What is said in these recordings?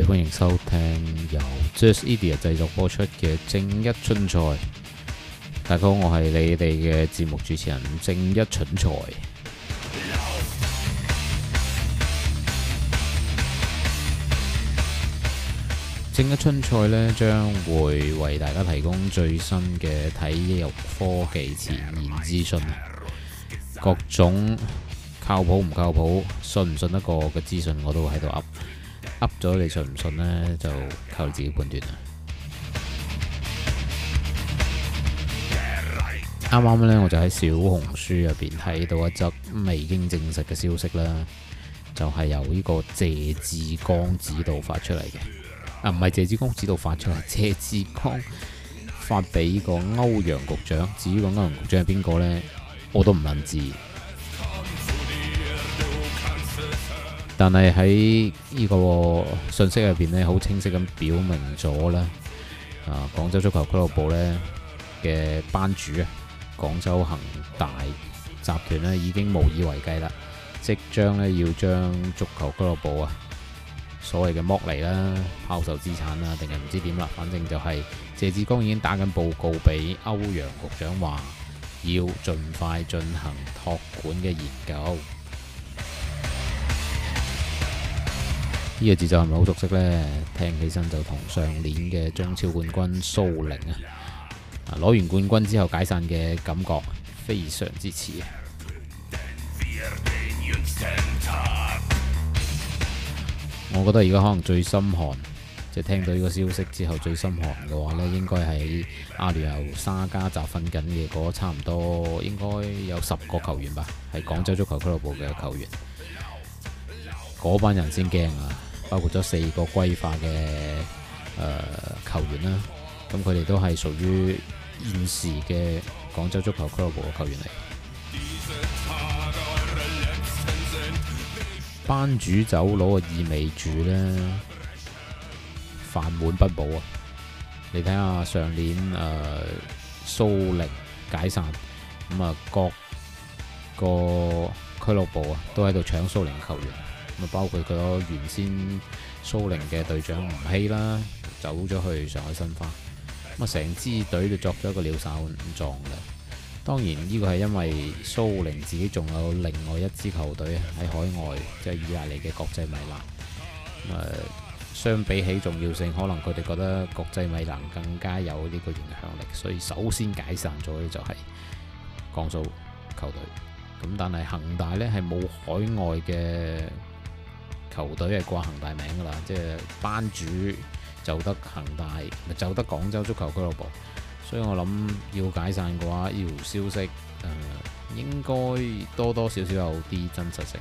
歡迎收聽由 Just IDIOT 製作播出嘅正一春菜，大家好，我係你哋嘅節目主持人正一蠢材。正一春菜呢，將會為大家提供最新嘅體育科技前沿資訊，各種靠譜唔靠譜、信唔信得過嘅資訊，我都喺度噏。噏咗你信唔信呢？就靠你自己判斷啦。啱啱呢，我就喺小紅書入邊睇到一則未經證實嘅消息啦，就係由呢個謝志光指導發出嚟嘅。啊，唔係謝志光指導發出嚟，謝志光發俾個歐陽局長。至於個歐陽局長係邊個呢？我都唔問字。但係喺呢個信息入邊咧，好清晰咁表明咗啦，啊廣州足球俱樂部咧嘅班主啊，廣州恒大集團咧已經無以為繼啦，即將咧要將足球俱樂部啊所謂嘅剝離啦、拋售資產啦，定係唔知點啦，反正就係謝志剛已經打緊報告俾歐陽局長話，要盡快進行託管嘅研究。呢、這個字就係咪好熟悉呢？聽起身就同上年嘅中超冠軍蘇寧啊，攞完冠軍之後解散嘅感覺非常之似。我覺得而家可能最心寒，即、就、係、是、聽到呢個消息之後最心寒嘅話呢，應該係阿聯酋沙加集訓緊嘅嗰差唔多應該有十個球員吧，係廣州足球俱樂部嘅球員，嗰班人先驚啊！包括咗四個歸化嘅誒球員啦，咁佢哋都係屬於現時嘅廣州足球俱樂部嘅球員嚟。班主走佬嘅意味住呢，飯碗不保啊！你睇下上年誒蘇寧解散，咁啊各個俱樂部啊都喺度搶蘇寧球員。包括佢原先蘇寧嘅隊長吳曦啦，走咗去上海申花。咁啊，成支隊就作咗一個鳥獸散，唔撞嘅。當然呢個係因為蘇寧自己仲有另外一支球隊喺海外，即係意大利嘅國際米蘭。咁啊，相比起重要性，可能佢哋覺得國際米蘭更加有呢個影響力，所以首先解散咗呢就係江蘇球隊。咁但係恆大呢係冇海外嘅。球隊係掛恒大名噶啦，即係班主就得恒大，就得廣州足球俱樂部。所以我諗要解散嘅話，要消息誒、呃，應該多多少少有啲真實性。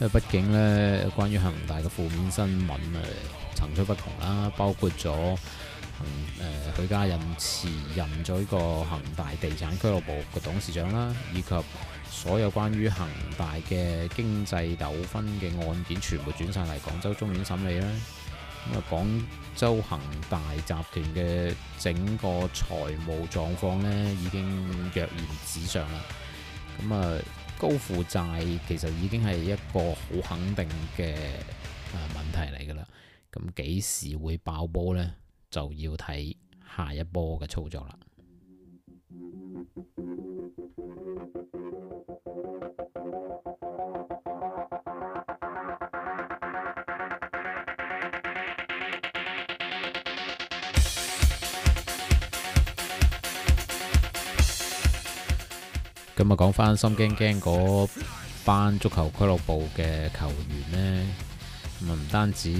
因為 畢竟呢，關於恒大嘅負面新聞誒、呃、層出不窮啦，包括咗誒、呃、許家印辭任咗呢個恒大地產俱樂部嘅董事長啦，以及所有關於恒大嘅經濟糾紛嘅案件，全部轉晒嚟廣州中院審理啦。咁啊，廣州恒大集團嘅整個財務狀況呢已經躍然紙上啦。咁啊，高負債其實已經係一個好肯定嘅啊問題嚟噶啦。咁幾時會爆煲呢？就要睇下一波嘅操作啦。今日講返心驚驚嗰班足球俱樂部嘅球員呢，唔單止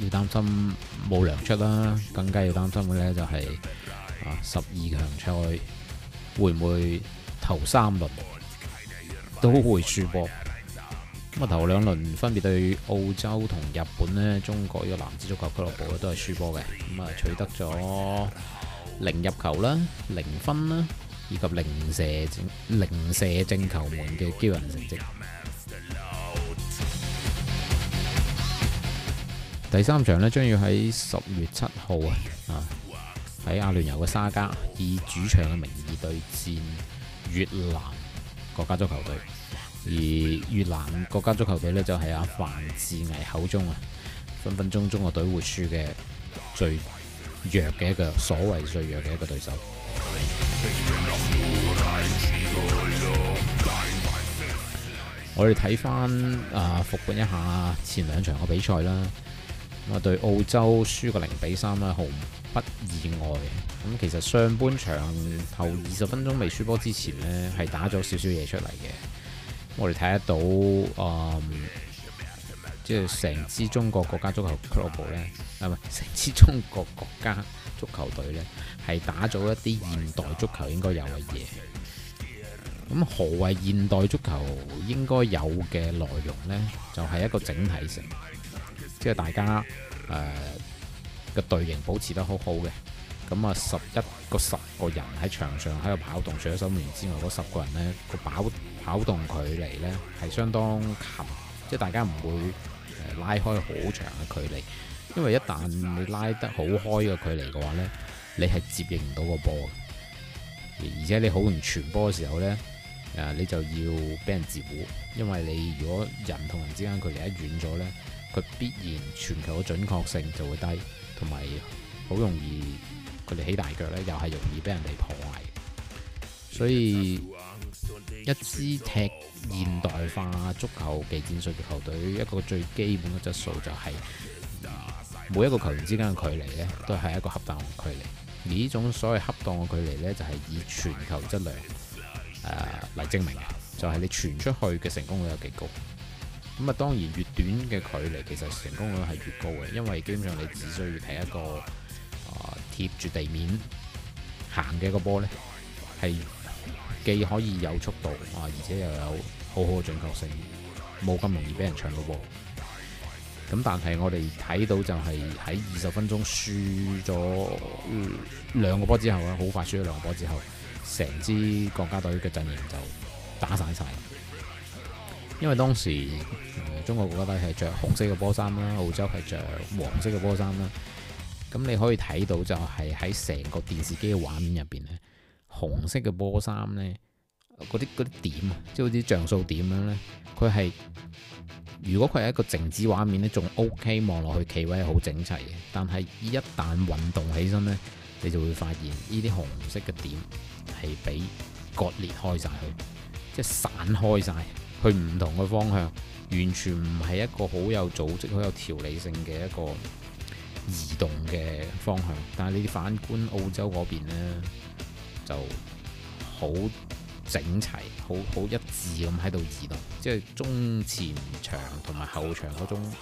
要擔心冇糧出啦，更加要擔心嘅呢就係啊，十二強賽會唔會頭三輪都會輸波咁啊。頭兩輪分別對澳洲同日本呢，中國呢個男子足球俱樂部都係輸波嘅。咁啊，取得咗零入球啦、零分啦，以及零射正零射正球門嘅驚人成績。第三場呢，將要喺十月七號啊，喺阿聯酋嘅沙迦以主場嘅名義對戰。越南國家足球隊，而越南國家足球隊呢，就係阿范志毅口中啊分分鐘中國隊會輸嘅最弱嘅一個，所謂最弱嘅一個對手。 我哋睇翻啊，覆盤一下前兩場嘅比賽啦。咁啊，對澳洲輸個零比三啦，啊，好。不意外，咁其實上半場頭二十分鐘未輸波之前呢，係打咗少少嘢出嚟嘅。我哋睇得到，嗯，即係成支中國國家足球俱樂部咧，係咪，成支中國國家足球隊呢，係打咗一啲現代足球應該有嘅嘢。咁何謂現代足球應該有嘅內容呢？就係、是、一個整體性，即、就、係、是、大家誒。呃個隊形保持得好好嘅，咁啊十一個十個人喺場上喺度跑動，除咗守門員之外，嗰十個人呢，個跑跑動距離呢係相當近，即係大家唔會、呃、拉開好長嘅距離。因為一旦你拉得好開嘅距離嘅話呢，你係接應唔到個波，而且你好唔易傳波嘅時候呢，誒、呃、你就要俾人截胡。因為你如果人同人之間距離一遠咗呢，佢必然傳球嘅準確性就會低。同埋好容易，佢哋起大腳呢，又係容易俾人哋破壞。所以一支踢現代化足球技戰術嘅球隊，一個最基本嘅質素就係每一個球員之間嘅距離呢，都係一個恰當嘅距離。而呢種所謂恰當嘅距離呢，就係以傳球質量誒、啊、嚟證明嘅，就係你傳出去嘅成功率有幾高。咁啊，當然越短嘅距離其實成功率係越高嘅，因為基本上你只需要踢一個啊、呃、貼住地面行嘅個波呢，係既可以有速度啊，而且又有好好嘅準確性，冇咁容易俾人搶到波。咁但係我哋睇到就係喺二十分鐘輸咗、嗯、兩個波之後咧，好快輸咗兩個波之後，成支國家隊嘅陣型就打散晒。因為當時中國國家隊係着紅色嘅波衫啦，澳洲係着黃色嘅波衫啦。咁你可以睇到就係喺成個電視機嘅畫面入邊咧，紅色嘅波衫咧，嗰啲啲點啊，即係好似像素點樣咧。佢係如果佢係一個靜止畫面咧，仲 OK 望落去，企位係好整齊嘅。但係一旦運動起身咧，你就會發現呢啲紅色嘅點係俾割裂開晒去，即係散開晒。去唔同嘅方向，完全唔係一個好有組織、好有條理性嘅一個移動嘅方向。但係你反觀澳洲嗰邊咧，就好整齊、好好一致咁喺度移動，即係中前場同埋後場嗰種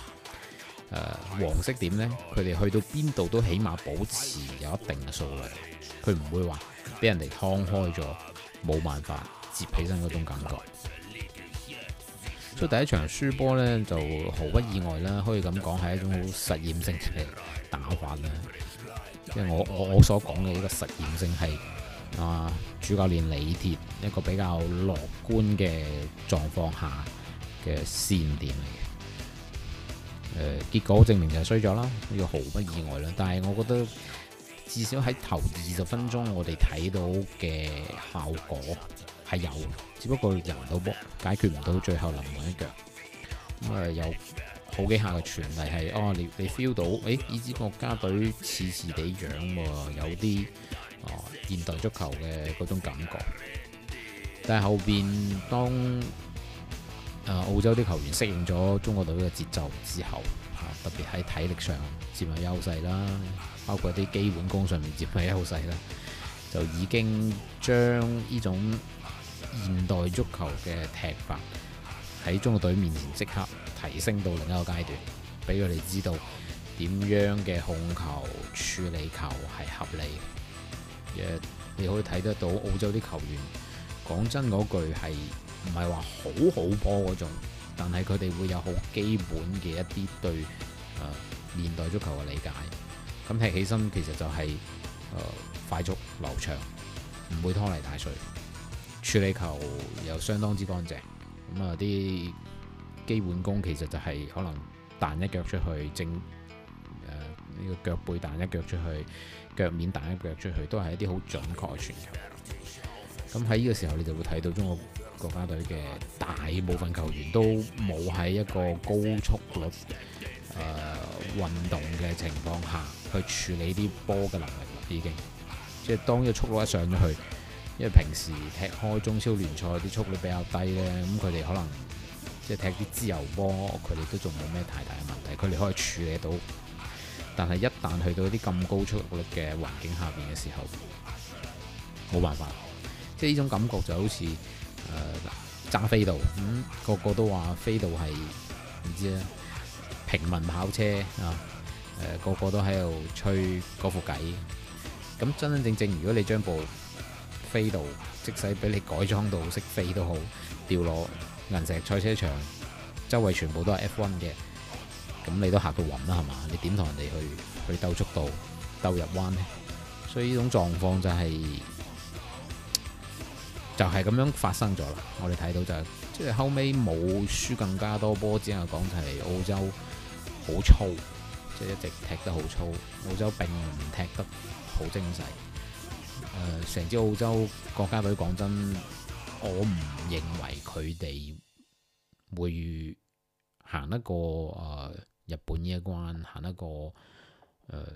誒黃色點呢，佢哋去到邊度都起碼保持有一定嘅數量，佢唔會話俾人哋劏開咗冇辦法接起身嗰種感覺。所以第一場輸波呢，就毫不意外啦，可以咁講係一種好實驗性嘅打法啦。即係我我所講嘅呢個實驗性係啊主教練李鐵一個比較樂觀嘅狀況下嘅試驗點嚟嘅、呃。結果證明就衰咗啦，呢個毫不意外啦。但係我覺得至少喺頭二十分鐘我哋睇到嘅效果。係有，只不過入唔到波，解決唔到最後臨門一腳。咁、嗯、啊，有好幾下嘅傳嚟係，哦，你你 feel 到，誒、哎，呢支國家隊似似地樣喎，有啲哦、啊、現代足球嘅嗰種感覺。但係後邊當誒、啊、澳洲啲球員適應咗中國隊嘅節奏之後，嚇、啊、特別喺體力上佔有優勢啦，包括啲基本功上面佔有優勢啦，就已經將呢種。現代足球嘅踢法喺中國隊面前即刻提升到另一個階段，俾佢哋知道點樣嘅控球、處理球係合理嘅。Yeah，你可以睇得到澳洲啲球員，講真嗰句係唔係話好好波嗰種，但係佢哋會有好基本嘅一啲對、啊、現代足球嘅理解。咁踢起身其實就係、誒、快速流暢，唔會拖泥帶水。處理球又相當之乾淨，咁啊啲基本功其實就係可能彈一腳出去，正誒呢、呃呢個腳背彈一腳出去，腳面彈一腳出去，都係一啲好準確嘅傳球。咁喺呢個時候，你就會睇到中國國家隊嘅大部分球員都冇喺一個高速率誒、呃、運動嘅情況下，去處理啲波嘅能力已經，即係當個速度一上咗去。因為平時踢開中超聯賽啲速率比較低咧，咁佢哋可能即係踢啲自由波，佢哋都仲冇咩太大嘅問題，佢哋可以處理到。但係一旦去到啲咁高速率嘅環境下邊嘅時候，冇辦法，即係呢種感覺就好似誒揸飛度，咁、嗯、個個都話飛度係唔知啦，平民跑車啊，誒個個都喺度吹嗰副偈。咁真真正正，如果你將部飛度，即使俾你改裝到識飛都好，掉落銀石賽車場，周圍全部都係 F1 嘅，咁你都嚇到暈啦係嘛？你點同人哋去去鬥速度、鬥入彎咧？所以呢種狀況就係，就係咁樣發生咗啦。我哋睇到就係，即係後尾冇輸更加多波，只能講就係澳洲好粗，即係一直踢得好粗。澳洲並唔踢得好精細。誒，成支澳洲國家隊講真，我唔認為佢哋會行得過誒、呃、日本呢一關，行得過誒、呃、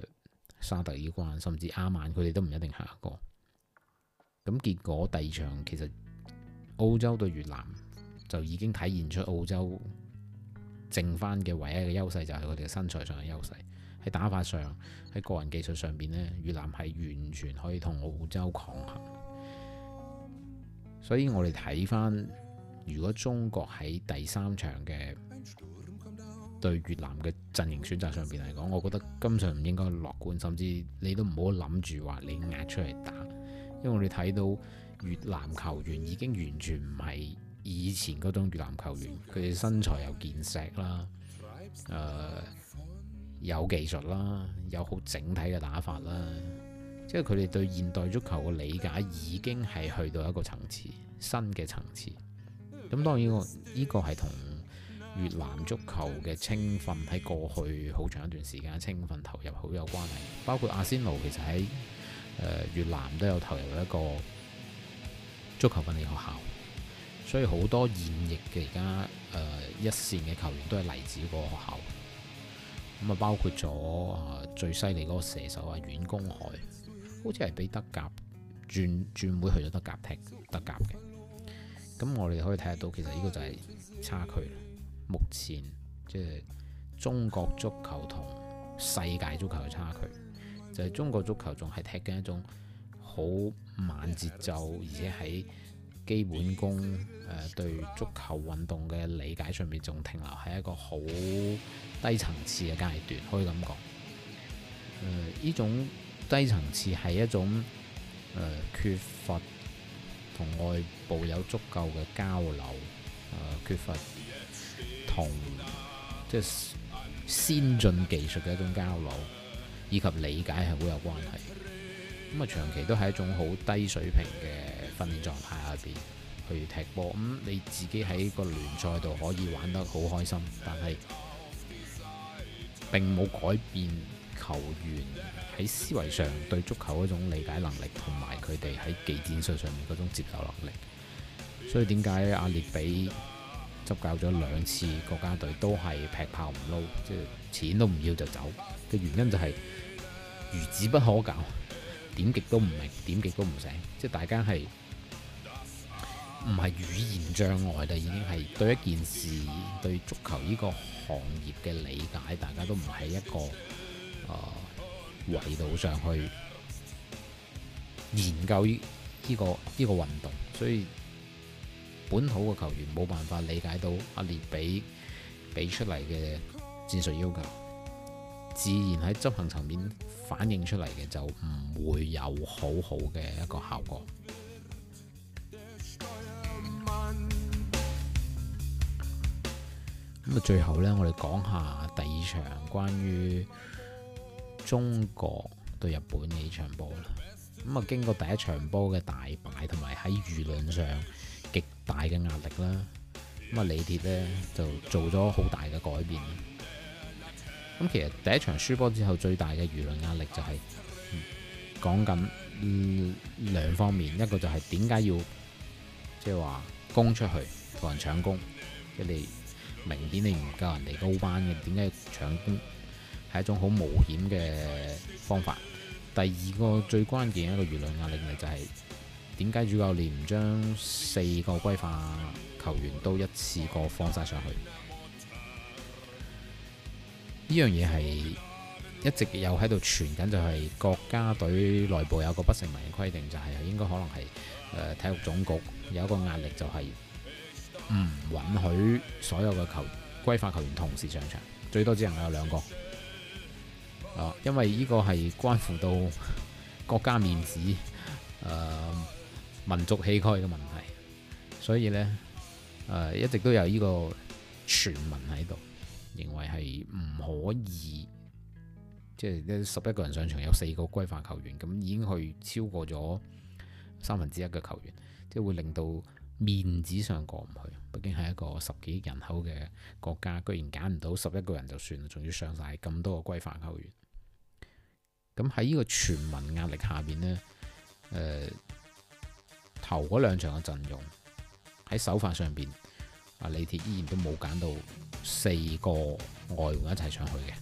沙特呢一關，甚至阿曼佢哋都唔一定行得過。咁結果第二場其實澳洲對越南就已經體現出澳洲剩翻嘅唯一嘅優勢就係佢哋嘅身材上嘅優勢。喺打法上，喺個人技術上邊呢，越南係完全可以同澳洲抗衡。所以我哋睇翻，如果中國喺第三場嘅對越南嘅陣營選擇上邊嚟講，我覺得今場唔應該樂觀，甚至你都唔好諗住話你壓出嚟打，因為我哋睇到越南球員已經完全唔係以前嗰種越南球員，佢哋身材又健碩啦，誒、呃。有技術啦，有好整體嘅打法啦，即係佢哋對現代足球嘅理解已經係去到一個層次，新嘅層次。咁當然，呢、這、依個係同越南足球嘅青訓喺過去好長一段時間青訓投入好有關係。包括阿仙奴其實喺、呃、越南都有投入一個足球訓練學校，所以好多現役嘅而家一線嘅球員都係嚟自嗰個學校。咁啊，包括咗啊最犀利嗰個射手啊，阮公海，好似係俾德甲轉轉會去咗德甲踢德甲嘅。咁我哋可以睇得到，其實呢個就係差距。目前即係、就是、中國足球同世界足球嘅差距，就係、是、中國足球仲係踢緊一種好慢節奏，而且喺，基本功，誒、對足球運動嘅理解上面仲停留喺一個好低層次嘅階段，可以咁講。誒、呃、呢種低層次係一種、呃、缺乏同外部有足夠嘅交流，呃、缺乏同即係先進技術嘅一種交流，以及理解係好有關係嘅。咁、嗯、啊長期都係一種好低水平嘅。訓練狀態下邊去踢波，咁、嗯、你自己喺個聯賽度可以玩得好開心，但係並冇改變球員喺思維上對足球嗰種理解能力，同埋佢哋喺技戰術上面嗰種接受能力。所以點解阿列比執教咗兩次國家隊都係劈炮唔撈，即係錢都唔要就走嘅原因就係孺子不可教，點極都唔明，點極都唔醒，即係大家係。唔係語言障礙就已經係對一件事、對足球呢個行業嘅理解，大家都唔喺一個啊維度、呃、上去研究呢呢個呢個運動，所以本土嘅球員冇辦法理解到阿列比俾出嚟嘅戰術要求，自然喺執行層面反映出嚟嘅就唔會有很好好嘅一個效果。咁啊，最後呢，我哋講下第二場關於中國對日本嘅呢場波啦。咁、嗯、啊，經過第一場波嘅大敗，同埋喺輿論上極大嘅壓力啦。咁啊，李鐵呢就做咗好大嘅改變。咁、嗯、其實第一場輸波之後，最大嘅輿論壓力就係、是嗯、講緊、嗯、兩方面，一個就係點解要即係話攻出去同人搶攻，即、就是、你。明顯你唔夠人哋高班嘅，點解搶攻係一種好冒險嘅方法？第二個最關鍵一個輿論壓力就係點解主教練唔將四個歸化球員都一次過放晒上去？呢樣嘢係一直有喺度傳緊，就係國家隊內部有個不成文嘅規定，就係、是、應該可能係誒、呃、體育總局有一個壓力，就係、是。唔允許所有嘅球員歸化球員同時上場，最多只能夠有兩個。啊，因為呢個係關乎到國家面子、呃、民族氣概嘅問題，所以呢，誒、呃、一直都有呢個傳聞喺度，認為係唔可以，即係十一個人上場有四個歸化球員，咁已經去超過咗三分之一嘅球員，即係會令到。面子上過唔去，畢竟係一個十幾億人口嘅國家，居然揀唔到十一個人就算啦，仲要上晒咁多個歸化球員。咁喺呢個全民壓力下邊呢，誒頭嗰兩場嘅陣容喺手法上邊，阿李鐵依然都冇揀到四個外援一齊上去嘅。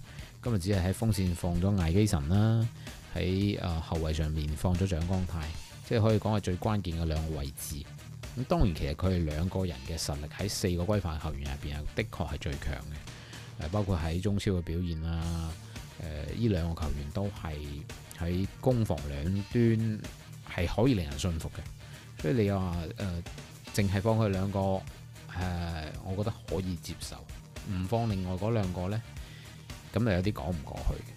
今日只係喺鋒線放咗艾基臣啦，喺誒後衞上面放咗蔣光太，即係可以講係最關鍵嘅兩個位置。咁當然其實佢哋兩個人嘅實力喺四個歸化球員入邊啊，的確係最強嘅。誒包括喺中超嘅表現啦，誒呢兩個球員都係喺攻防兩端係可以令人信服嘅。所以你話誒，淨、呃、係放佢兩個誒、呃，我覺得可以接受。唔放另外嗰兩個咧，咁就有啲講唔過去。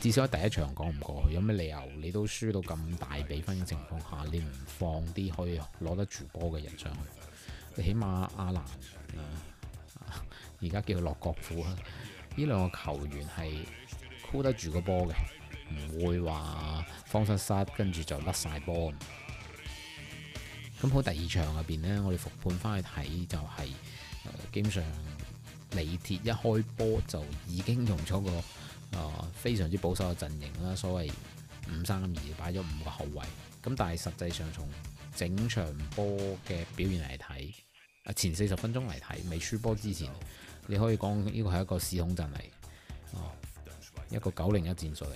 至少喺第一場講唔過去，有咩理由你都輸到咁大比分嘅情況下，你唔放啲可以攞得住波嘅人上去？你起碼阿蘭，而家，啊，叫佢洛國富啊！呢兩個球員係箍得住個波嘅，唔會話方失失，跟住就甩晒波。咁好，第二場入邊呢，我哋復盤翻去睇就係、是，基本上李鐵一開波就已經用咗個。啊，非常之保守嘅陣型啦，所謂五三二擺咗五個後衛，咁但係實際上從整場波嘅表現嚟睇，啊，前四十分鐘嚟睇未輸波之前，你可以講呢個係一個系統陣嚟，一個九零一戰術嚟，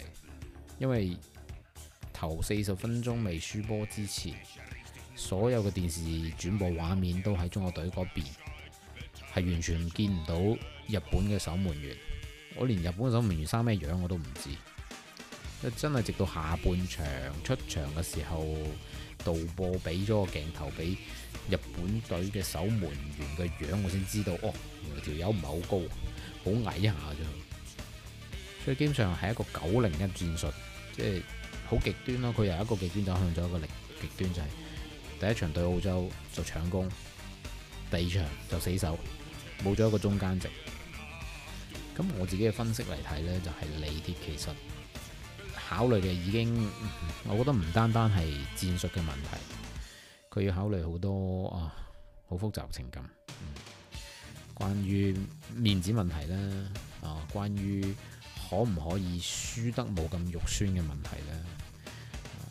因為頭四十分鐘未輸波之前，所有嘅電視轉播畫面都喺中國隊嗰邊，係完全見唔到日本嘅守門員。我連日本個守門員生咩樣我都唔知，真係直到下半場出場嘅時候，導播俾咗個鏡頭俾日本隊嘅守門員嘅樣，我先知道哦，原來條友唔係好高，好矮一下啫。所以基本上係一個九零一戰術，即係好極端咯。佢由一個極端走向咗一個另極端，就係第一場對澳洲就搶攻，第二場就死守，冇咗一個中間值。咁我自己嘅分析嚟睇呢，就係李鐵其實考慮嘅已經，我覺得唔單單係戰術嘅問題，佢要考慮好多啊，好複雜情感。嗯、關於面子問題呢，啊，關於可唔可以輸得冇咁肉酸嘅問題呢。啊，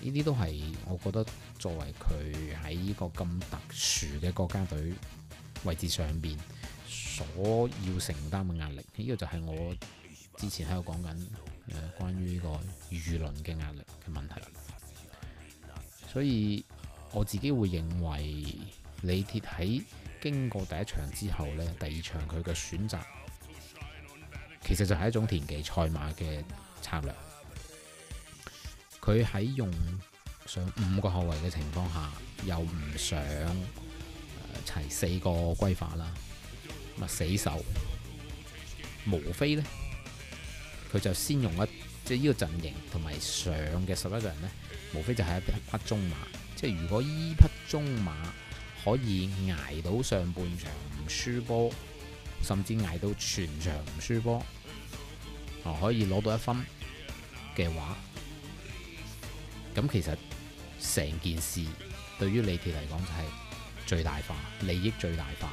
呢啲都係我覺得作為佢喺呢個咁特殊嘅國家隊位置上邊。所要承擔嘅壓力，呢、這個就係我之前喺度講緊誒，關於呢個輿論嘅壓力嘅問題。所以我自己會認為，李鐵喺經過第一場之後呢，第二場佢嘅選擇，其實就係一種田忌賽馬嘅策略。佢喺用上五個後衛嘅情況下，又唔想齊四、呃、個歸化啦。死守，無非呢，佢就先用一即係呢個陣型同埋上嘅十一個人呢。無非就係一匹中馬。即係如果呢匹中馬可以捱到上半場唔輸波，甚至捱到全場唔輸波，可以攞到一分嘅話，咁其實成件事對於李鐵嚟講就係最大化利益最大化。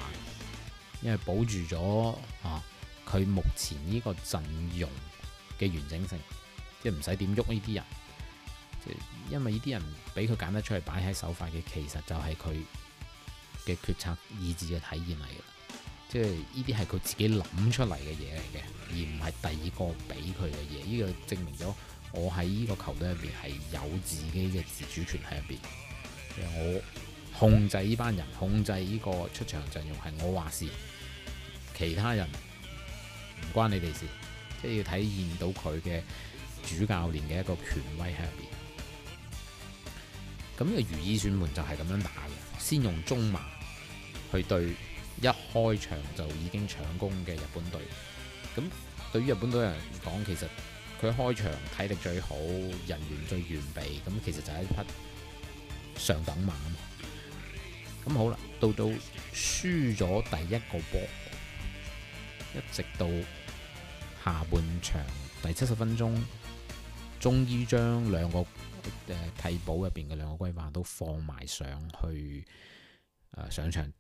因為保住咗啊，佢目前呢個陣容嘅完整性，即係唔使點喐呢啲人，即係因為呢啲人俾佢揀得出嚟擺喺手法嘅，其實就係佢嘅決策意志嘅體現嚟嘅，即係呢啲係佢自己諗出嚟嘅嘢嚟嘅，而唔係第二個俾佢嘅嘢。呢、這個證明咗我喺呢個球隊入邊係有自己嘅自主權喺入邊。其實我。控制呢班人，控制呢個出場陣容係我話事，其他人唔關你哋事，即係要體現到佢嘅主教練嘅一個權威喺入面。咁呢個如意選門就係咁樣打嘅，先用中馬去對一開場就已經搶攻嘅日本隊。咁對於日本隊人嚟講，其實佢開場體力最好，人員最完備，咁其實就係一匹上等馬。咁好啦，到到輸咗第一個波，一直到下半場第七十分鐘，終於將兩個誒替補入邊嘅兩個歸化都放埋上去誒、呃、上場。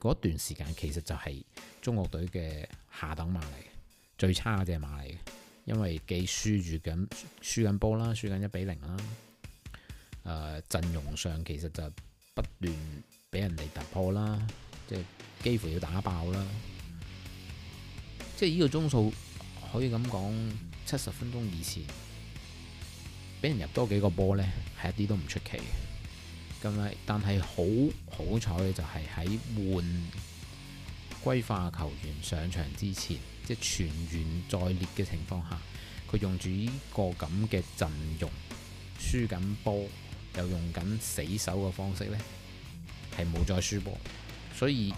嗰段時間其實就係中國隊嘅下等馬嚟，最差隻馬嚟嘅，因為既輸住緊，輸緊波啦，輸緊一比零啦。誒，陣容上其實就是、～不斷俾人哋突破啦，即係幾乎要打爆啦，即係呢個鐘數可以咁講七十分鐘以前，俾人入多幾個波呢，係一啲都唔出奇嘅。咁但係好好彩嘅就係喺換歸化球員上場之前，即係全員在列嘅情況下，佢用住呢個咁嘅陣容輸緊波。又用緊死守嘅方式呢，係冇再輸波，所以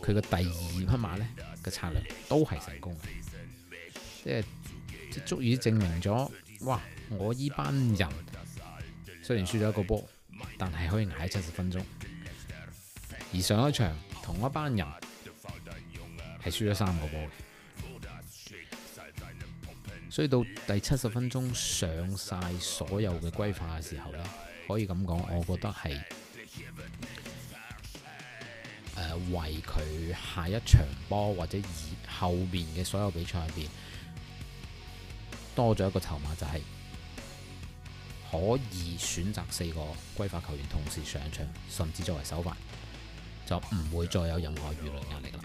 佢嘅第二匹馬呢，嘅策略都係成功嘅，即係足以證明咗。哇！我依班人雖然輸咗一個波，但係可以捱七十分鐘。而上一場同一班人係輸咗三個波，所以到第七十分鐘上曬所有嘅歸化嘅時候呢。可以咁講，我覺得係誒、呃、為佢下一場波或者以後面嘅所有比賽入邊多咗一個籌碼，就是，就係可以選擇四個歸化球員同時上場，甚至作為首發，就唔會再有任何輿論壓力啦。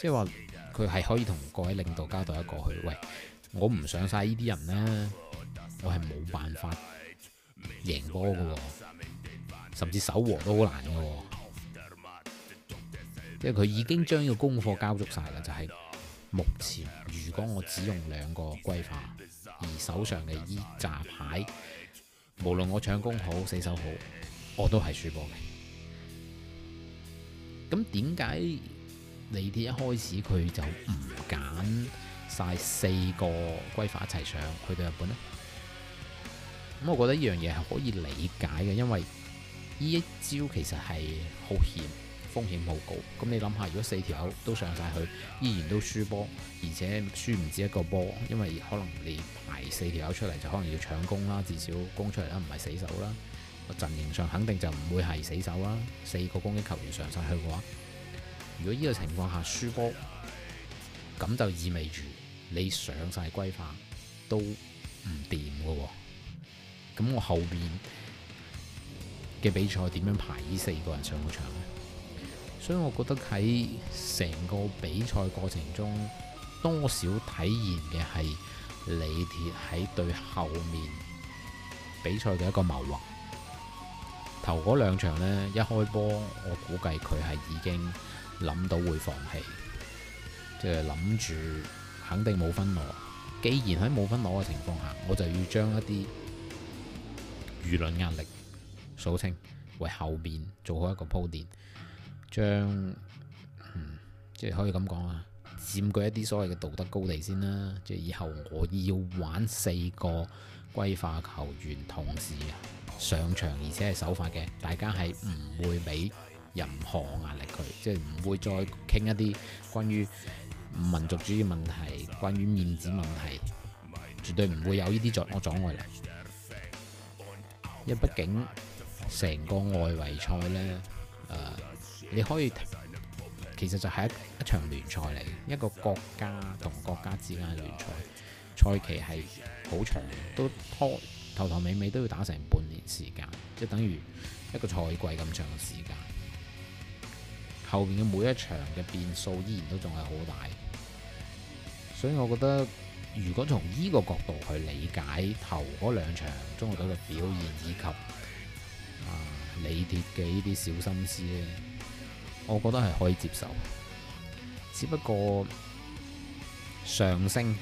即係話佢係可以同各位領導交代一個去，去喂我唔上晒呢啲人呢，我係冇辦法。贏波嘅，甚至守和都好難嘅，即係佢已經將個功課交足晒啦。就係、是、目前，如果我只用兩個歸化，而手上嘅依炸牌，無論我搶攻好、死守好，我都係輸波嘅。咁點解李鐵一開始佢就唔揀晒四個歸化一齊上去到日本呢？咁，我覺得依樣嘢係可以理解嘅，因為呢一招其實係好險，風險好高。咁你諗下，如果四條友都上晒去，依然都輸波，而且輸唔止一個波，因為可能你排四條友出嚟就可能要搶攻啦，至少攻出嚟啦，唔係死守啦。個陣型上肯定就唔會係死守啦，四個攻擊球員上晒去嘅話，如果呢個情況下輸波，咁就意味住你上晒歸化都唔掂嘅喎。咁我後邊嘅比賽點樣排？呢四個人上到場呢，所以我覺得喺成個比賽過程中，多少體現嘅係李鐵喺對後面比賽嘅一個謀劃。頭嗰兩場呢，一開波我估計佢係已經諗到會放棄，即係諗住肯定冇分攞，既然喺冇分攞嘅情況下，我就要將一啲。輿論壓力，數清為後邊做好一個鋪墊，將、嗯、即係可以咁講啊，佔據一啲所謂嘅道德高地先啦。即係以後我要玩四個歸化球員同時上場，而且係首發嘅，大家係唔會俾任何壓力佢，即係唔會再傾一啲關於民族主義問題、關於面子問題，絕對唔會有呢啲我阻礙嚟。即畢竟成個外圍賽呢，你可以其實就係一一場聯賽嚟，一個國家同國家之間嘅聯賽，賽期係好長，都拖頭頭尾尾都要打成半年時間，即等於一個賽季咁長嘅時間。後面嘅每一場嘅變數依然都仲係好大，所以我覺得。如果從呢個角度去理解頭嗰兩場中國隊嘅表現以及啊，李鐵嘅呢啲小心思咧，我覺得係可以接受。只不過上升，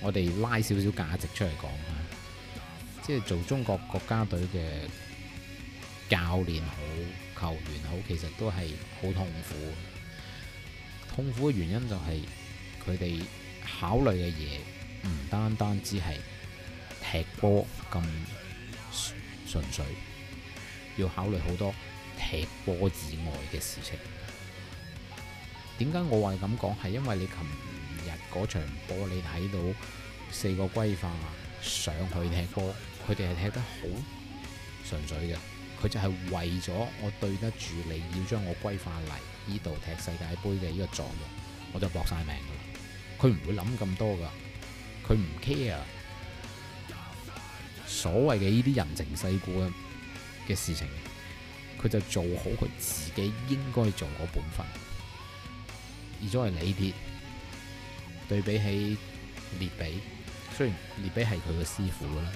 我哋拉少少價值出嚟講啊，即係做中國國家隊嘅教練好，球員好，其實都係好痛苦的。痛苦嘅原因就係佢哋。考慮嘅嘢，唔單單只係踢波咁純粹，要考慮好多踢波以外嘅事情。點解我話咁講？係因為你琴日嗰場波，你睇到四個歸化上去踢波，佢哋係踢得好純粹嘅。佢就係為咗我對得住你要將我歸化嚟呢度踢世界杯嘅呢個作用，我就搏晒命啦。佢唔會諗咁多噶佢唔 care。所謂嘅呢啲人情世故嘅嘅事情，佢就做好佢自己應該做嗰本分。而作為李鐵，對比起列比，雖然列比係佢嘅師傅啦，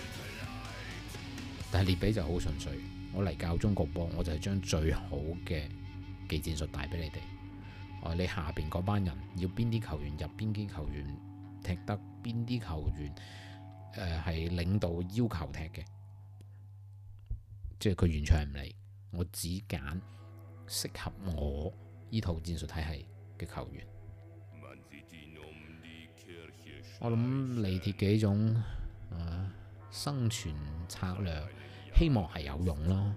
但係列比就好純粹。我嚟教中國波，我就係將最好嘅技戰術帶俾你哋。我，你下邊嗰班人要邊啲球員入，邊啲球員踢得，邊啲球員誒係領導要求踢嘅，即係佢完全唔理，我只揀適合我呢套戰術體系嘅球員。我諗李鐵嘅呢種生存策略，希望係有用啦。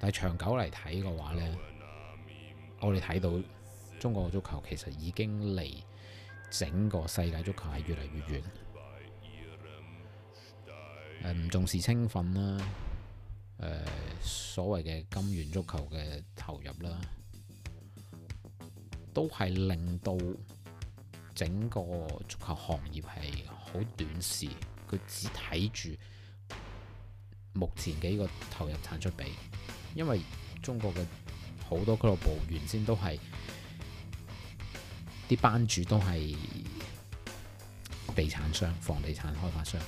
但係長久嚟睇嘅話呢，我哋睇到中國嘅足球其實已經離整個世界足球係越嚟越遠。唔重視青訓啦，所謂嘅金元足球嘅投入啦，都係令到整個足球行業係好短視，佢只睇住目前嘅呢個投入產出比。因為中國嘅好多俱樂部原先都係啲班主都係地產商、房地產開發商，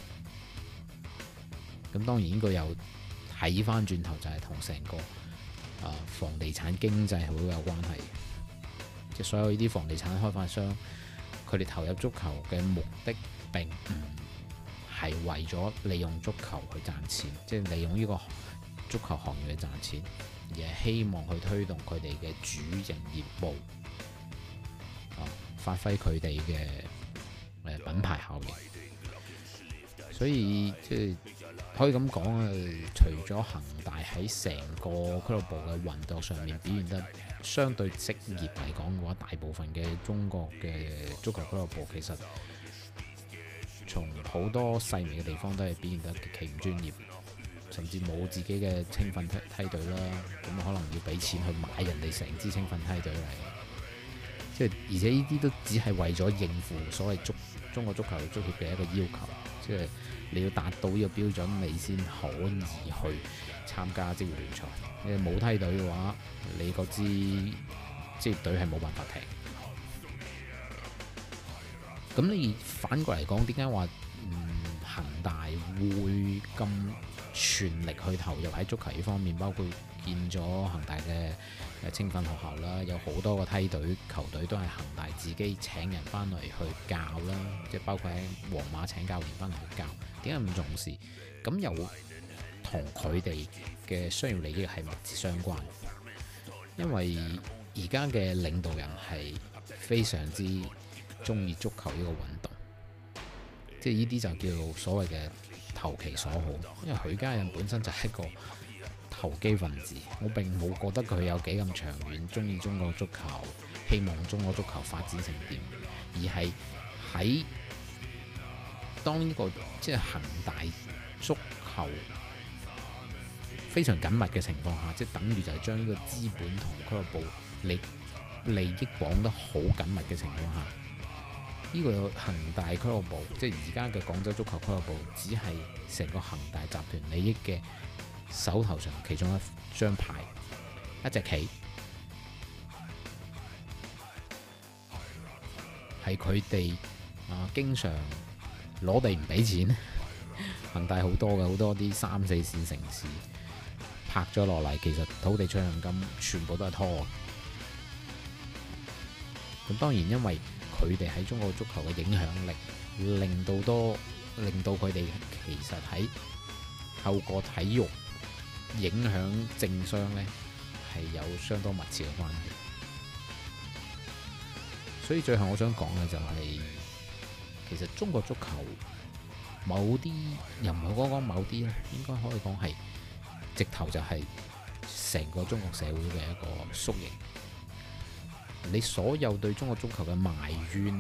咁當然呢個又睇翻轉頭就係同成個房地產經濟好有關係。即係所有呢啲房地產開發商，佢哋投入足球嘅目的並唔係為咗利用足球去賺錢，即係利用呢個。足球行業嘅賺錢，而係希望去推動佢哋嘅主營業務，啊，發揮佢哋嘅品牌效應。所以即係、就是、可以咁講啊，除咗恒大喺成個俱樂部嘅運作上面表現得相對職業嚟講嘅話，大部分嘅中國嘅足球俱樂部其實從好多細微嘅地方都係表現得極其唔專業。甚至冇自己嘅青訓梯梯隊啦，咁可能要俾錢去買人哋成支青訓梯隊嚟。即係而且呢啲都只係為咗應付所謂中中國足球足協嘅一個要求，即係你要達到呢個標準，你先可以去參加職業聯賽。你冇梯隊嘅話，你嗰支職業隊係冇辦法踢。咁你反過嚟講，點解話嗯，恒大會咁？全力去投入喺足球呢方面，包括建咗恒大嘅誒青訓學校啦，有好多個梯隊球隊都係恒大自己請人翻嚟去教啦，即係包括喺皇馬請教練翻嚟去教，點解咁重視？咁又同佢哋嘅商業利益係密切相關的，因為而家嘅領導人係非常之中意足球呢個運動，即係呢啲就叫所謂嘅。投其所好，因為許家印本身就係一個投機分子，我並冇覺得佢有幾咁長遠，中意中國足球，希望中國足球發展成點，而係，喺當呢個即係恒大足球非常緊密嘅情況下，即係等於就係將呢個資本同俱樂部利利益綁得好緊密嘅情況下。呢、這個恒大俱樂部，即係而家嘅廣州足球俱樂部，只係成個恒大集團利益嘅手頭上其中一張牌，一隻棋，係佢哋啊經常攞地唔俾錢，恒 大好多嘅好多啲三四線城市拍咗落嚟，其實土地出讓金全部都係拖。咁當然因為佢哋喺中國足球嘅影響力，令到多，令到佢哋其實喺透過體育影響政商呢，係有相當密切嘅關係。所以最後我想講嘅就係，其實中國足球某啲，又唔係講講某啲啦，應該可以講係直頭就係成個中國社會嘅一個縮影。你所有對中國足球嘅埋怨、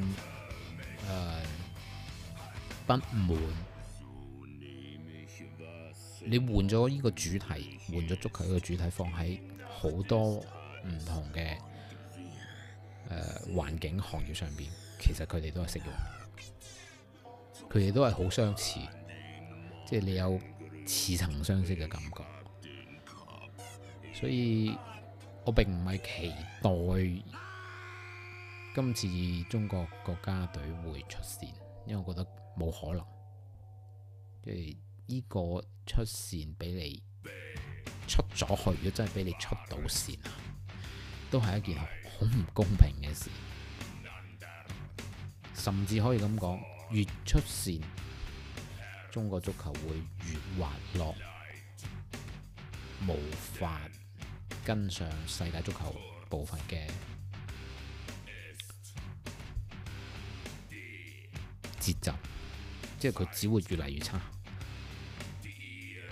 呃、不滿，你換咗呢個主題，換咗足球嘅主題，放喺好多唔同嘅誒、呃、環境行業上邊，其實佢哋都係適用，佢哋都係好相似，即係你有似曾相識嘅感覺，所以我並唔係期待今次中國國家隊會出線，因為我覺得冇可能。即係呢個出線俾你出咗去，如果真係俾你出到線啊，都係一件好唔公平嘅事。甚至可以咁講，越出線，中國足球會越滑落，無法跟上世界足球步伐嘅。節奏，即係佢只會越嚟越差，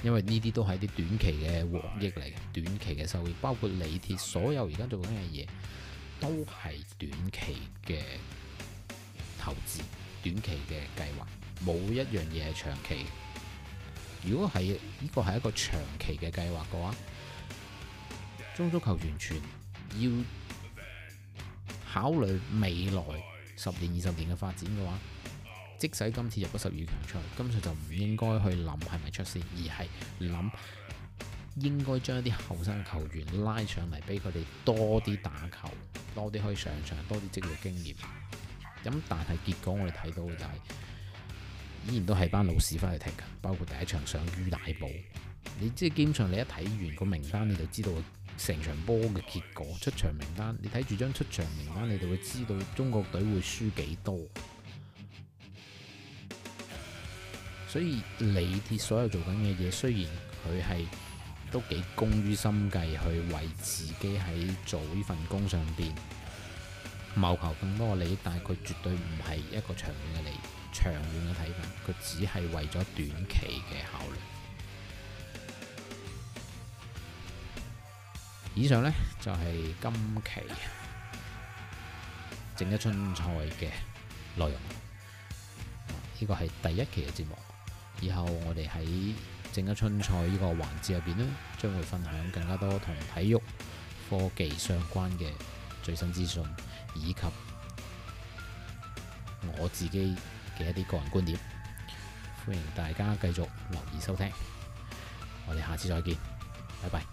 因為呢啲都係啲短期嘅獲益嚟，短期嘅收益。包括李鐵所有而家做緊嘅嘢，都係短期嘅投資，短期嘅計劃，冇一樣嘢係長期。如果係呢、這個係一個長期嘅計劃嘅話，中足球完全球要考慮未來十年、二十年嘅發展嘅話。即使今次入咗十二強賽，今場就唔應該去諗係咪出線，而係諗應該將一啲後生球員拉上嚟，俾佢哋多啲打球，多啲可以上場，多啲職業經驗。咁但係結果我哋睇到嘅就係依然都係班老屎翻去踢嘅，包括第一場上于大寶。你即係基本上你一睇完個名單，你就知道成場波嘅結果出場名單。你睇住張出場名單，你就會知道中國隊會輸幾多。所以李鐵所有做緊嘅嘢，雖然佢係都幾工於心計，去為自己喺做呢份工上邊謀求更多利益，但係佢絕對唔係一個長遠嘅利，長遠嘅睇法，佢只係為咗短期嘅考慮。以上呢就係、是、今期正壹春菜嘅內容，呢個係第一期嘅節目。以後我哋喺正壹春菜呢個環節入邊，呢將會分享更加多同體育科技相關嘅最新資訊，以及我自己嘅一啲個人觀點。歡迎大家繼續留意收聽，我哋下次再見，拜拜。